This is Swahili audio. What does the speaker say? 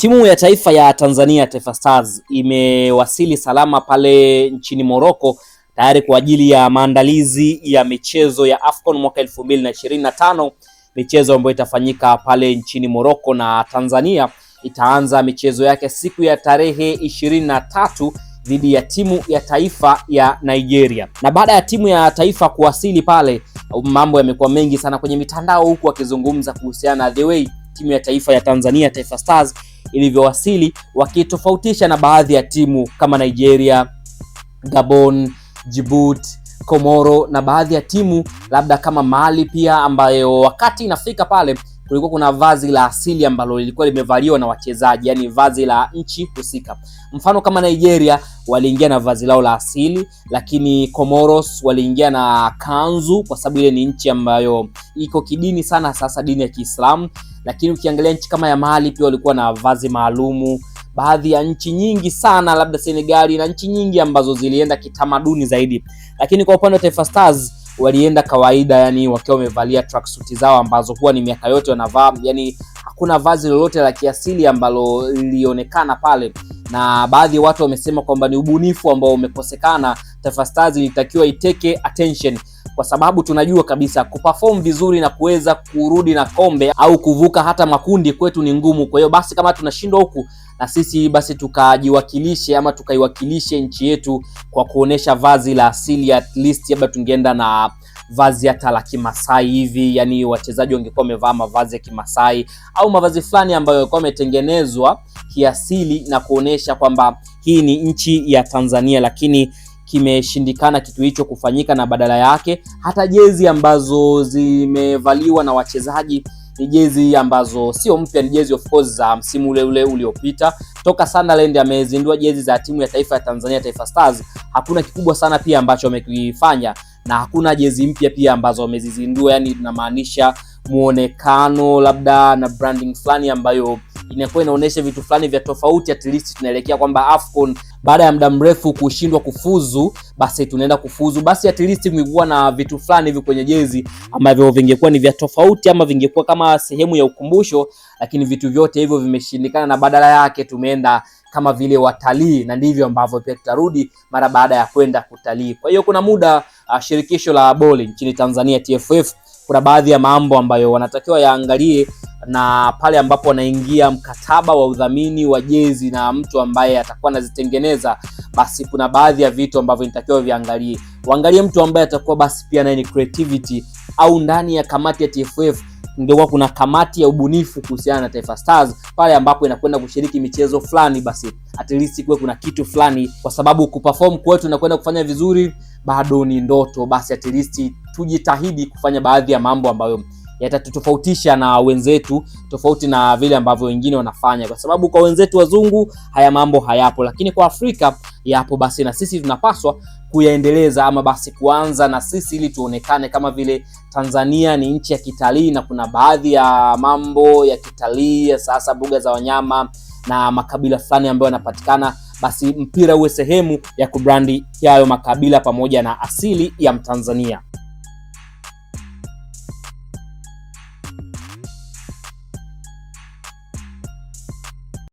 Timu ya taifa ya Tanzania Taifa Stars imewasili salama pale nchini Morocco tayari kwa ajili ya maandalizi ya michezo ya AFCON mwaka elfu mbili na ishirini na tano, michezo ambayo itafanyika pale nchini Morocco na Tanzania itaanza michezo yake siku ya tarehe ishirini na tatu dhidi ya timu ya taifa ya Nigeria. Na baada ya timu ya taifa kuwasili pale, mambo yamekuwa mengi sana kwenye mitandao, huku akizungumza kuhusiana na the way timu ya taifa ya Tanzania Taifa Stars ilivyowasili, wakitofautisha na baadhi ya timu kama Nigeria, Gabon, Djibouti, Komoro na baadhi ya timu labda kama Mali pia, ambayo wakati inafika pale kulikuwa kuna vazi la asili ambalo lilikuwa limevaliwa na wachezaji, yani vazi la nchi husika. Mfano kama Nigeria waliingia na vazi lao la asili, lakini Comoros waliingia na kanzu, kwa sababu ile ni nchi ambayo iko kidini sana, sasa dini ya Kiislamu lakini ukiangalia nchi kama ya Mali pia walikuwa na vazi maalumu, baadhi ya nchi nyingi sana, labda Senegali na nchi nyingi ambazo zilienda kitamaduni zaidi. Lakini kwa upande wa Taifa Stars walienda kawaida, yani wakiwa wamevalia tracksuit zao ambazo huwa ni miaka yote wanavaa, yani hakuna vazi lolote la kiasili ambalo lilionekana pale, na baadhi ya watu wamesema kwamba ni ubunifu ambao umekosekana Taifa Stars ilitakiwa iteke attention kwa sababu tunajua kabisa kuperform vizuri na kuweza kurudi na kombe au kuvuka hata makundi kwetu ni ngumu. Kwa hiyo basi, kama tunashindwa huku na sisi basi tukajiwakilishe ama tukaiwakilishe nchi yetu kwa kuonesha vazi la asili, at least labda tungeenda na vazi hata la Kimasai hivi, yani wachezaji wangekuwa wamevaa mavazi ya Kimasai au mavazi fulani ambayo yalikuwa yametengenezwa kiasili na kuonesha kwamba hii ni nchi ya Tanzania, lakini kimeshindikana kitu hicho kufanyika, na badala yake hata jezi ambazo zimevaliwa na wachezaji ni jezi ambazo sio mpya, ni jezi of course za msimu ule ule uliopita. Toka Sunderland amezindua jezi za timu ya taifa ya Tanzania, Taifa Stars, hakuna kikubwa sana pia ambacho amekifanya, na hakuna jezi mpya pia ambazo amezizindua, yani inamaanisha muonekano labda na branding fulani ambayo inakuwa inaonyesha vitu fulani vya tofauti, at least tunaelekea kwamba AFCON baada ya muda mrefu kushindwa kufuzu, basi tunaenda kufuzu, basi at least kumekuwa na vitu fulani hivi kwenye jezi ambavyo vingekuwa ni vya tofauti ama vingekuwa kama sehemu ya ukumbusho, lakini vitu vyote hivyo vimeshindikana, na badala yake tumeenda kama vile watalii, na ndivyo ambavyo pia tutarudi mara baada ya kwenda kutalii. Kwa hiyo kuna muda uh, shirikisho la boli nchini Tanzania TFF kuna baadhi ya mambo ambayo wanatakiwa yaangalie na pale ambapo wanaingia mkataba wa udhamini wa jezi na mtu ambaye atakuwa anazitengeneza, basi kuna baadhi ya vitu ambavyo nitakiwa viangalie. Waangalie mtu ambaye atakuwa basi pia naye ni creativity, au ndani ya kamati ya TFF ingekuwa kuna kamati ya ubunifu kuhusiana na Taifa Stars pale ambapo inakwenda kushiriki michezo fulani, basi at least kuwe kuna kitu fulani, kwa sababu kuperform kwetu na kwenda kufanya vizuri bado ni ndoto. Basi at least tujitahidi kufanya baadhi ya mambo ambayo yatatutofautisha na wenzetu, tofauti na vile ambavyo wengine wanafanya, kwa sababu kwa wenzetu wazungu haya mambo hayapo, lakini kwa Afrika yapo. Basi na sisi tunapaswa kuyaendeleza ama basi kuanza na sisi, ili tuonekane kama vile Tanzania ni nchi ya kitalii, na kuna baadhi ya mambo ya kitalii ya sasa, mbuga za wanyama na makabila fulani ambayo yanapatikana basi mpira uwe sehemu ya kubrandi hayo makabila pamoja na asili ya Mtanzania.